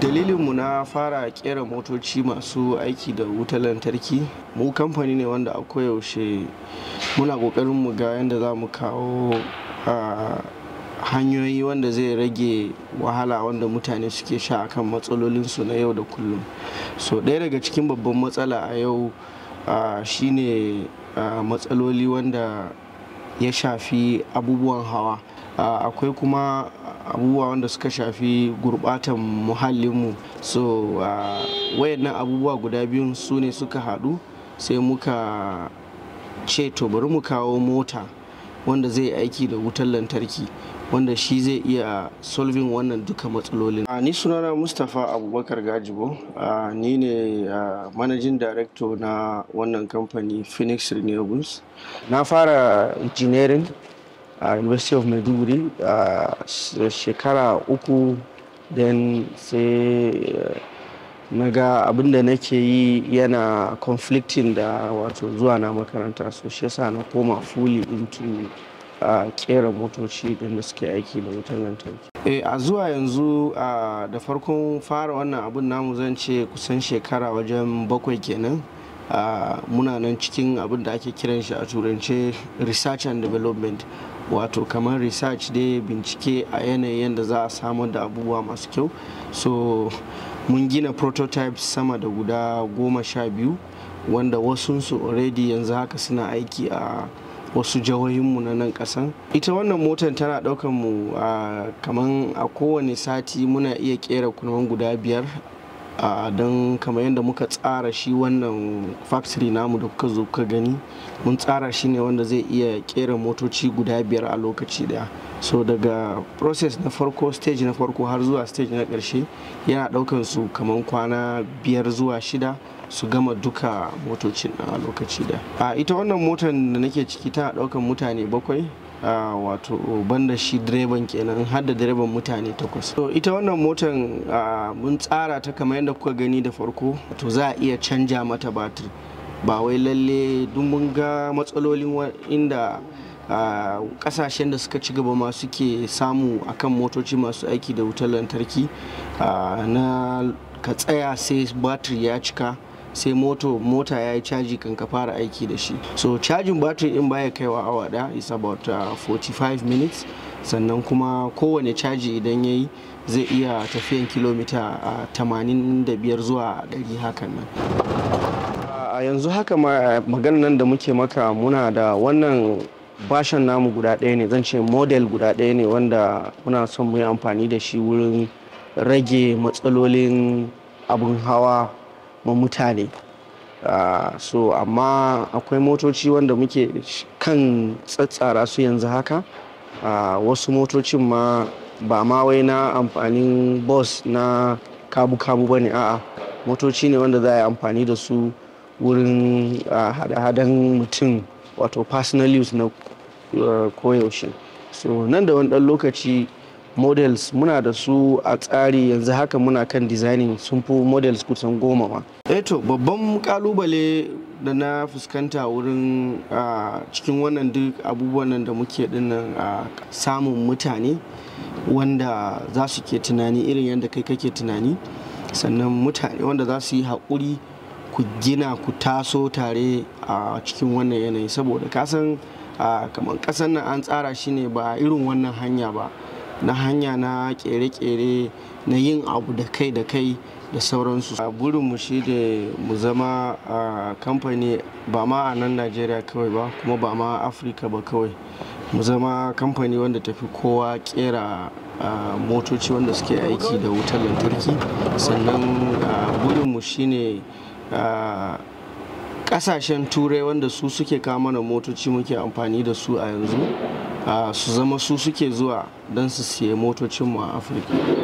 dalilinmu na fara kera motoci masu aiki da wutar lantarki mu kamfani ne wanda a koyaushe muna kokarin mu ga yadda za mu kawo hanyoyi wanda zai rage wahala wanda mutane suke sha akan matsalolinsu na yau da kullum so ɗaya daga cikin babban matsala a yau shine matsaloli wanda ya shafi abubuwan hawa akwai kuma abubuwa wanda suka shafi gurbatan muhallinmu so ah, wayannan abubuwa guda biyun su ne suka hadu sai muka ce to bari mu kawo mota wanda zai aiki da wutar lantarki wanda shi zai iya solving wannan duka matsalolin. A ah, ni sunana Mustapha Abubakar Gajibo, ah, ni ne managing director na wannan kamfani Phoenix Renewables. Na fara engineering a university of maiduguri a shekara uku then sai eh, na ga abinda nake yi yana conflicting da wato zuwa na makaranta so shi yasa na koma fuli into a kera motoci da suke aiki da wutar lantarki. Eh, a zuwa yanzu da farkon fara wannan abin namu zan ce kusan shekara wajen bakwai kenan muna nan cikin abin da ake kiran shi a turance research and development wato kamar research dai bincike a yanayin da za a samar da abubuwa masu kyau so mun gina prototypes sama da guda goma sha biyu wanda wasunsu already yanzu haka suna aiki a wasu jawoyinmu na nan kasan ita wannan motan tana daukan mu a kaman a kowane sati muna iya kera kunan guda biyar don kamar yadda muka tsara shi wannan factory namu da kuka zo kuka gani mun tsara shi ne wanda zai iya kera motoci guda biyar a lokaci daya so daga process na farko stage na farko har zuwa stage na karshe yana ɗaukan su kamar kwana biyar zuwa shida su gama duka motocin a lokaci daya ita wannan motan da nake ciki tana ɗaukan mutane bakwai Ah, wato banda shi direban kenan har da direban mutane takwas to ita wannan motan ah, mun tsara ta kamar yadda kuka gani da farko to za a iya canja mata batir ba wai lalle duk mun ga matsalolin inda kasashen ah, da suka ci gaba ma suke samu akan motoci masu aiki da wutar lantarki na ka tsaya sai batir ya cika sai moto mota ya yi caji kan ka fara aiki da shi so cajin batir in baya kaiwa awa daya is about uh, 45 minutes sannan kuma kowane caji idan ya yi zai iya tafiyan kilomita uh, 85 zuwa 100 hakan nan a yanzu haka magana nan da muke maka muna da wannan bashan namu guda ɗaya ne zan ce model guda ɗaya ne wanda muna son mu yi amfani da shi wurin rage matsalolin abin hawa ma mutane ah, so amma akwai motoci wanda muke kan tsatsara su yanzu haka ah, wasu motocin ma ba ma wai na amfanin bus na kabu-kabu ba ne a'a motoci ne wanda za a yi amfani da su wurin ah, hada-hadan mutum wato personal use na koyaushe so nan da wani dan lokaci models muna da su a tsari yanzu haka muna kan designing sun fi models kusan goma ma. eto eh babban kalubale da na fuskanta wurin cikin wannan duk abubuwan da muke dinnan a samun mutane wanda za su ke tunani irin yadda kai kake tunani sannan mutane wanda za su yi haƙuri ku gina ku taso tare a cikin wannan yanayi saboda kasan kamar kasan nan an tsara shi ne ba irin wannan hanya ba na hanya na kere-kere na yin abu da kai da kai da sauransu burinmu shi da mu zama a kamfani ba ma a nan najeriya kawai ba kuma ba ma afirka ba kawai mu zama kamfani wanda tafi kowa kera motoci wanda suke aiki da wutar lantarki sannan burinmu ne. kasashen turai wanda su suke kama da motoci muke amfani da su a yanzu su zama su suke zuwa don su siye motocinmu a afirka